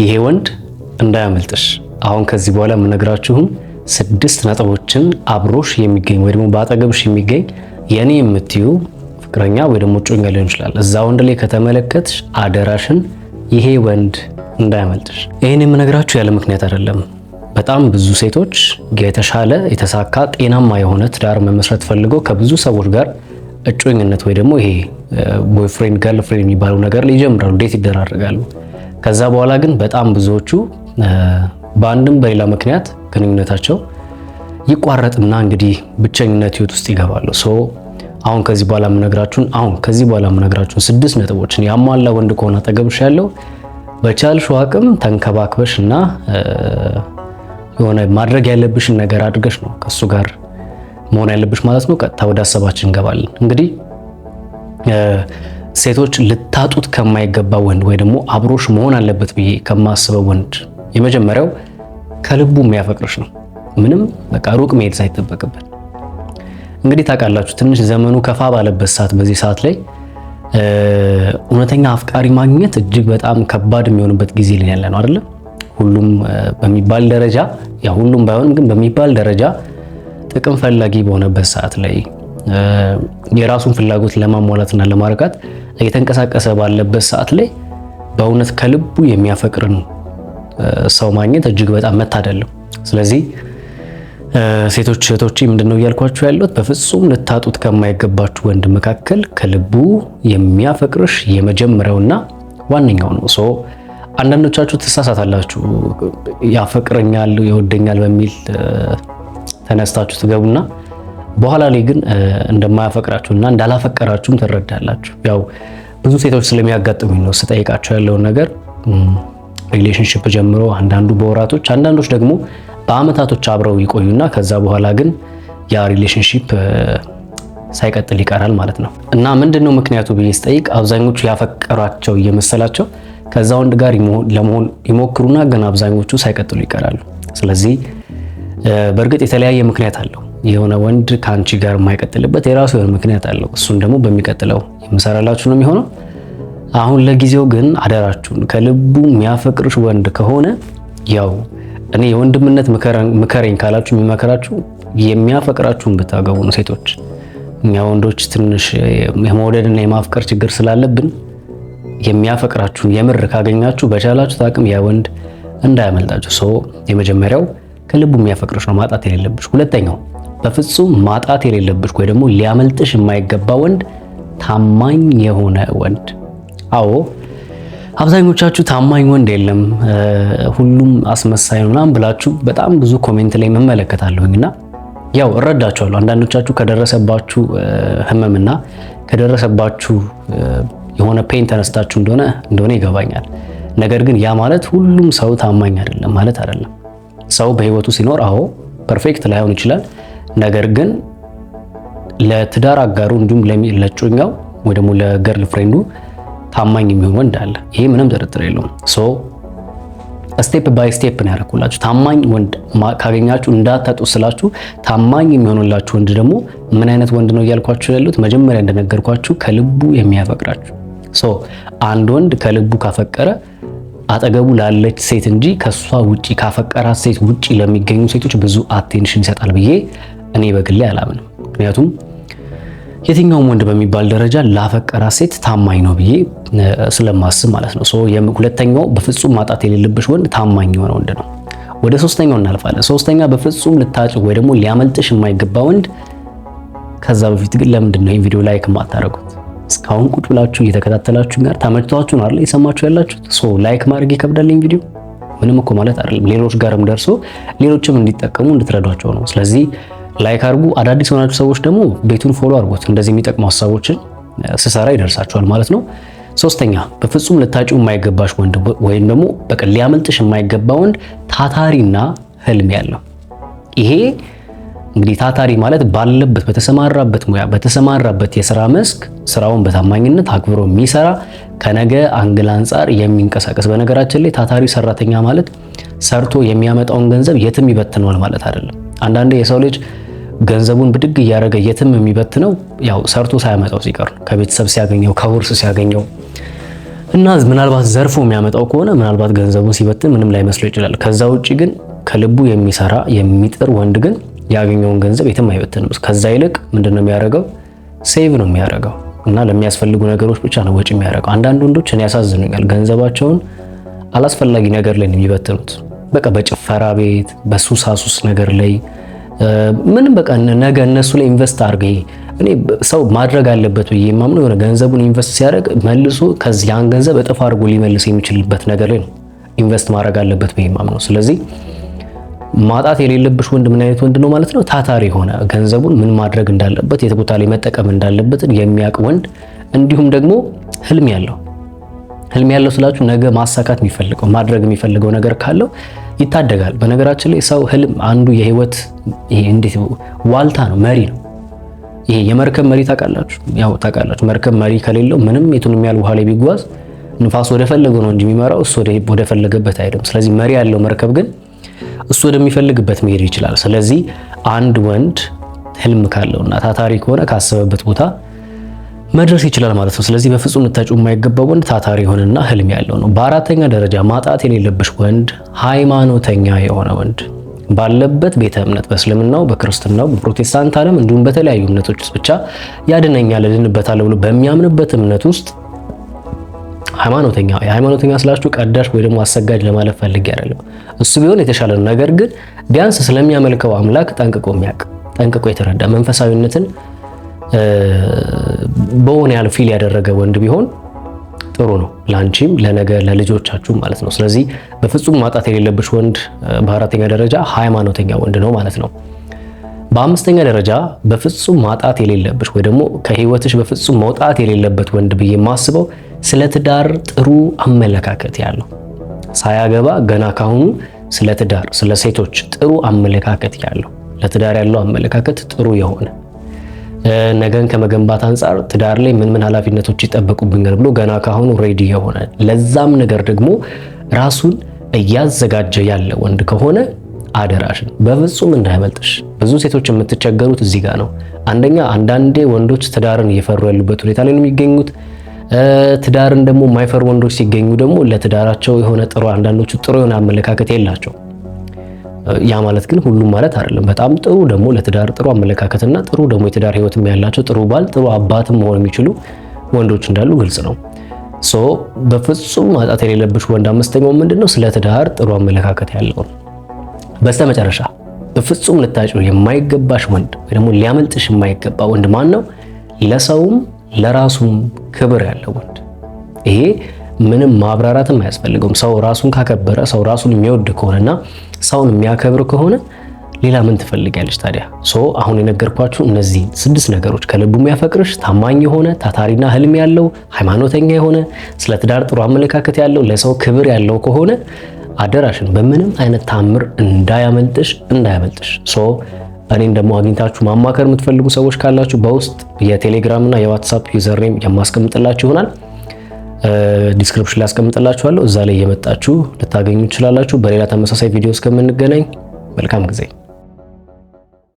ይሄ ወንድ እንዳያመልጥሽ። አሁን ከዚህ በኋላ የምነግራችሁም ስድስት ነጥቦችን አብሮሽ የሚገኝ ወይ ደግሞ በአጠገብሽ የሚገኝ የኔ የምትዩ ፍቅረኛ ወይ ደግሞ እጮኛ ሊሆን ይችላል። እዛ ወንድ ላይ ከተመለከትሽ አደራሽን ይሄ ወንድ እንዳያመልጥሽ። ይህን የምነግራችሁ ያለ ምክንያት አይደለም። በጣም ብዙ ሴቶች የተሻለ የተሳካ ጤናማ የሆነ ትዳር መመስረት ፈልገው ከብዙ ሰዎች ጋር እጮኝነት ወይ ደግሞ ይሄ ቦይፍሬንድ ገርልፍሬንድ የሚባለው ነገር ላይ ይጀምራሉ፣ ዴት ይደራረጋሉ። ከዛ በኋላ ግን በጣም ብዙዎቹ በአንድም በሌላ ምክንያት ግንኙነታቸው ይቋረጥና እንግዲህ ብቸኝነት ህይወት ውስጥ ይገባሉ። ሶ አሁን ከዚህ በኋላ የምነግራችሁን አሁን ከዚህ በኋላ የምነግራችሁን ስድስት ነጥቦችን ያሟላ ወንድ ከሆነ አጠገብሽ ያለው በቻልሽው አቅም ተንከባክበሽ እና የሆነ ማድረግ ያለብሽን ነገር አድርገሽ ነው ከሱ ጋር መሆን ያለብሽ ማለት ነው። ቀጥታ ወደ አሰባችን እንገባለን እንግዲህ ሴቶች ልታጡት ከማይገባ ወንድ ወይ ደግሞ አብሮሽ መሆን አለበት ብዬ ከማስበው ወንድ የመጀመሪያው ከልቡ የሚያፈቅርሽ ነው። ምንም በቃ ሩቅ መሄድ ሳይጠበቅበት። እንግዲህ ታውቃላችሁ ትንሽ ዘመኑ ከፋ ባለበት ሰዓት በዚህ ሰዓት ላይ እውነተኛ አፍቃሪ ማግኘት እጅግ በጣም ከባድ የሚሆንበት ጊዜ ላይ ያለ ነው አይደለ? ሁሉም በሚባል ደረጃ ያ ሁሉም ባይሆንም ግን በሚባል ደረጃ ጥቅም ፈላጊ በሆነበት ሰዓት ላይ የራሱን ፍላጎት ለማሟላትና ለማርካት እየተንቀሳቀሰ ባለበት ሰዓት ላይ በእውነት ከልቡ የሚያፈቅርን ሰው ማግኘት እጅግ በጣም መታደል ነው። ስለዚህ ሴቶች እህቶቼ ምንድነው እያልኳችሁ ያለሁት በፍጹም ልታጡት ከማይገባችሁ ወንድ መካከል ከልቡ የሚያፈቅርሽ የመጀመሪያውና ዋነኛው ነው። ሶ አንዳንዶቻችሁ ትሳሳታላችሁ። ያፈቅረኛል፣ ይወደኛል በሚል ተነስታችሁ ትገቡና በኋላ ላይ ግን እንደማያፈቅራችሁና እንዳላፈቀራችሁም ትረዳላችሁ። ያው ብዙ ሴቶች ስለሚያጋጥሙኝ ነው ስጠይቃቸው ያለውን ነገር ሪሌሽንሽፕ ጀምሮ አንዳንዱ በወራቶች አንዳንዶች ደግሞ በአመታቶች አብረው ይቆዩና ከዛ በኋላ ግን ያ ሪሌሽንሽፕ ሳይቀጥል ይቀራል ማለት ነው። እና ምንድነው ምክንያቱ ብዬ ስጠይቅ አብዛኞቹ ያፈቀሯቸው እየመሰላቸው ከዛ ወንድ ጋር ለመሆን ይሞክሩና ግን አብዛኞቹ ሳይቀጥሉ ይቀራሉ። ስለዚህ በእርግጥ የተለያየ ምክንያት አለው። የሆነ ወንድ ከአንቺ ጋር የማይቀጥልበት የራሱ የሆነ ምክንያት አለው። እሱን ደግሞ በሚቀጥለው የምሰራላችሁ ነው የሚሆነው። አሁን ለጊዜው ግን አደራችሁን ከልቡ የሚያፈቅርሽ ወንድ ከሆነ ያው እኔ የወንድምነት ምከረኝ ካላችሁ የሚመከራችሁ የሚያፈቅራችሁን ብታገቡ ነው። ሴቶች እኛ ወንዶች ትንሽ የመውደድና የማፍቀር ችግር ስላለብን የሚያፈቅራችሁን የምር ካገኛችሁ በቻላችሁት አቅም ያ ወንድ እንዳያመልጣችሁ። ሶ የመጀመሪያው ከልቡ የሚያፈቅርሽ ነው ማጣት የሌለብሽ። ሁለተኛው በፍጹም ማጣት የሌለብሽ ወይ ደግሞ ሊያመልጥሽ የማይገባ ወንድ፣ ታማኝ የሆነ ወንድ። አዎ አብዛኞቻችሁ ታማኝ ወንድ የለም ሁሉም አስመሳይ ነው ምናምን ብላችሁ በጣም ብዙ ኮሜንት ላይ መመለከታለሁኝና ያው እረዳችኋለሁ። አንዳንዶቻችሁ ከደረሰባችሁ ህመምና ከደረሰባችሁ የሆነ ፔን ተነስታችሁ እንደሆነ እንደሆነ ይገባኛል። ነገር ግን ያ ማለት ሁሉም ሰው ታማኝ አይደለም ማለት አይደለም። ሰው በህይወቱ ሲኖር አዎ ፐርፌክት ላይሆን ይችላል። ነገር ግን ለትዳር አጋሩ እንዲሁም ለጮኛው ወይ ደግሞ ለገርል ፍሬንዱ ታማኝ የሚሆን ወንድ አለ። ይሄ ምንም ጥርጥር የለውም። ሶ ስቴፕ ባይ ስቴፕ ነው ያደረኩላችሁ። ታማኝ ወንድ ካገኛችሁ እንዳታጡ ስላችሁ፣ ታማኝ የሚሆንላችሁ ወንድ ደግሞ ምን አይነት ወንድ ነው እያልኳችሁ ያሉት መጀመሪያ እንደነገርኳችሁ ከልቡ የሚያፈቅራችሁ። ሶ አንድ ወንድ ከልቡ ካፈቀረ አጠገቡ ላለች ሴት እንጂ ከሷ ውጪ ካፈቀራት ሴት ውጪ ለሚገኙ ሴቶች ብዙ አቴንሽን ይሰጣል ብዬ እኔ በግሌ አላምንም። ምክንያቱም የትኛውም ወንድ በሚባል ደረጃ ላፈቀራ ሴት ታማኝ ነው ብዬ ስለማስብ ማለት ነው። ሁለተኛው በፍጹም ማጣት የሌለብሽ ወንድ ታማኝ የሆነ ወንድ ነው። ወደ ሶስተኛው እናልፋለን። ሶስተኛ በፍጹም ልታጭ ወይ ደግሞ ሊያመልጥሽ የማይገባ ወንድ። ከዛ በፊት ግን ለምንድን ነው ይህ ቪዲዮ ላይክ የማታደርጉት? እስካሁን ቁጭ ብላችሁ እየተከታተላችሁ ጋር ተመችቷችሁ አለ የሰማችሁ ያላችሁት ሶ ላይክ ማድረግ ይከብዳል። ቪዲዮ ምንም እኮ ማለት አይደለም ሌሎች ጋርም ደርሶ ሌሎችም እንዲጠቀሙ እንድትረዷቸው ነው። ስለዚህ ላይክ አድርጉ። አዳዲስ የሆናችሁ ሰዎች ደግሞ ቤቱን ፎሎ አድርጉት። እንደዚህ የሚጠቅሙ ሀሳቦችን ስሰራ ይደርሳችኋል ማለት ነው። ሶስተኛ በፍጹም ልታጭው የማይገባሽ ወንድ ወይም ደግሞ በቀል ሊያመልጥሽ የማይገባ ወንድ ታታሪና ህልም ያለው ይሄ እንግዲህ ታታሪ ማለት ባለበት በተሰማራበት ሙያ በተሰማራበት የስራ መስክ ስራውን በታማኝነት አክብሮ የሚሰራ ከነገ አንግል አንጻር የሚንቀሳቀስ። በነገራችን ላይ ታታሪ ሰራተኛ ማለት ሰርቶ የሚያመጣውን ገንዘብ የትም ይበትነዋል ማለት አይደለም። አንዳንዴ የሰው ልጅ ገንዘቡን ብድግ እያደረገ የትም የሚበት ነው ያው ሰርቶ ሳያመጣው ሲቀር ከቤተሰብ ሲያገኘው ከውርስ ሲያገኘው እና ምናልባት ዘርፎ የሚያመጣው ከሆነ ምናልባት ገንዘቡን ሲበትን ምንም ላይመስለው ይችላል። ከዛ ውጭ ግን ከልቡ የሚሰራ የሚጥር ወንድ ግን ያገኘውን ገንዘብ የትም አይበትንም። ከዛ ይልቅ ምንድነው የሚያደርገው? ሴቭ ነው የሚያደርገው እና ለሚያስፈልጉ ነገሮች ብቻ ነው ወጪ የሚያደርገው። አንዳንድ ወንዶች እኔ ያሳዝኑኛል። ገንዘባቸውን አላስፈላጊ ነገር ላይ ነው የሚበትኑት። በቃ በጭፈራ ቤት፣ በሱሳሱስ ነገር ላይ ምንም በቃ ነገ እነሱ ላይ ኢንቨስት አድርገ እኔ ሰው ማድረግ አለበት ብዬ የማምነው የሆነ ገንዘቡን ኢንቨስት ሲያደርግ መልሶ ከዚህ ያን ገንዘብ እጥፍ አድርጎ ሊመልስ የሚችልበት ነገር ላይ ነው ኢንቨስት ማድረግ አለበት ብዬ የማምነው። ስለዚህ ማጣት የሌለብሽ ወንድ ምን አይነት ወንድ ነው ማለት ነው? ታታሪ የሆነ ገንዘቡን ምን ማድረግ እንዳለበት የት ቦታ ላይ መጠቀም እንዳለበትን የሚያውቅ ወንድ፣ እንዲሁም ደግሞ ህልም ያለው ህልም ያለው ስላችሁ ነገ ማሳካት የሚፈልገው ማድረግ የሚፈልገው ነገር ካለው ይታደጋል። በነገራችን ላይ ሰው ህልም አንዱ የህይወት ይሄ እንዴት ዋልታ ነው፣ መሪ ነው። ይሄ የመርከብ መሪ ታውቃላችሁ፣ ያው ታውቃላችሁ። መርከብ መሪ ከሌለው ምንም የቱንም ያህል ውሃ ላይ ቢጓዝ ንፋስ ወደ ፈለገው ነው እንጂ የሚመራው እሱ ወደ ፈለገበት አይደለም። ስለዚህ መሪ ያለው መርከብ ግን እሱ ወደሚፈልግበት መሄድ ይችላል። ስለዚህ አንድ ወንድ ህልም ካለውና ታታሪ ከሆነ ካሰበበት ቦታ መድረስ ይችላል ማለት ነው። ስለዚህ በፍጹም ልታጩ የማይገባው ወንድ ታታሪ የሆነና ህልም ያለው ነው። በአራተኛ ደረጃ ማጣት የሌለብሽ ወንድ ሃይማኖተኛ የሆነ ወንድ ባለበት ቤተ እምነት በእስልምናው፣ በክርስትናው፣ በፕሮቴስታንት ዓለም እንዲሁም በተለያዩ እምነቶች ውስጥ ብቻ ያድነኛል እድንበታለሁ ብሎ በሚያምንበት እምነት ውስጥ ሃይማኖተኛ ሃይማኖተኛ ስላችሁ ቀዳሽ ወይ ደግሞ አሰጋጅ ለማለት ፈልጌ አይደለም። እሱ ቢሆን የተሻለ ነው። ነገር ግን ቢያንስ ስለሚያመልከው አምላክ ጠንቅቆ የሚያውቅ ጠንቅቆ የተረዳ መንፈሳዊነትን በሆነ ያህል ፊል ያደረገ ወንድ ቢሆን ጥሩ ነው፣ ለአንቺም ለነገ ለልጆቻችሁ ማለት ነው። ስለዚህ በፍጹም ማጣት የሌለብሽ ወንድ በአራተኛ ደረጃ ሃይማኖተኛ ወንድ ነው ማለት ነው። በአምስተኛ ደረጃ በፍጹም ማጣት የሌለብሽ ወይ ደግሞ ከህይወትሽ በፍጹም መውጣት የሌለበት ወንድ ብዬ የማስበው ስለ ትዳር ጥሩ አመለካከት ያለው ሳያገባ ገና ካሁኑ ስለ ትዳር ስለ ሴቶች ጥሩ አመለካከት ያለው ለትዳር ያለው አመለካከት ጥሩ የሆነ ነገን ከመገንባት አንጻር ትዳር ላይ ምን ምን ኃላፊነቶች ይጠበቁብኛል ብሎ ገና ካሁኑ ሬዲ የሆነ ለዛም ነገር ደግሞ ራሱን እያዘጋጀ ያለ ወንድ ከሆነ አደራሽን በፍጹም እንዳይበልጥሽ ብዙ ሴቶች የምትቸገሩት እዚህ ጋር ነው። አንደኛ አንዳንዴ ወንዶች ትዳርን እየፈሩ ያሉበት ሁኔታ ላይ ነው የሚገኙት። ትዳርን ደግሞ የማይፈሩ ወንዶች ሲገኙ ደግሞ ለትዳራቸው የሆነ ጥሩ አንዳንዶቹ ጥሩ የሆነ አመለካከት የላቸው ያ ማለት ግን ሁሉም ማለት አይደለም። በጣም ጥሩ ደግሞ ለትዳር ጥሩ አመለካከትና ጥሩ ደግሞ የትዳር ህይወትም ያላቸው ጥሩ ባል ጥሩ አባትም መሆን የሚችሉ ወንዶች እንዳሉ ግልጽ ነው። ሶ በፍጹም ማጣት የሌለብሽ ወንድ አምስተኛው ምንድነው? ስለ ትዳር ጥሩ አመለካከት ያለው ነው። በስተመጨረሻ በፍጹም ልታጭ የማይገባሽ ወንድ ወይ ደግሞ ሊያመልጥሽ የማይገባ ወንድ ማን ነው? ለሰውም ለራሱም ክብር ያለው ወንድ ይሄ ምንም ማብራራትም አያስፈልገውም። ሰው ራሱን ካከበረ ሰው ራሱን የሚወድ ከሆነና ሰውን የሚያከብር ከሆነ ሌላ ምን ትፈልጋለች ታዲያ? ሶ አሁን የነገርኳችሁ እነዚህ ስድስት ነገሮች ከልቡ የሚያፈቅርሽ፣ ታማኝ የሆነ ታታሪና ህልም ያለው፣ ሃይማኖተኛ የሆነ፣ ስለ ትዳር ጥሩ አመለካከት ያለው፣ ለሰው ክብር ያለው ከሆነ አደራሽን በምንም አይነት ታምር እንዳያመልጥሽ እንዳያመልጥሽ። ሶ እኔን ደግሞ አግኝታችሁ ማማከር የምትፈልጉ ሰዎች ካላችሁ በውስጥ የቴሌግራም እና የዋትሳፕ ዩዘርኔም የማስቀምጥላችሁ ይሆናል። ዲስክሪፕሽን ላይ አስቀምጥላችኋለሁ። እዛ ላይ እየመጣችሁ ልታገኙ ትችላላችሁ። በሌላ ተመሳሳይ ቪዲዮ እስከምንገናኝ መልካም ጊዜ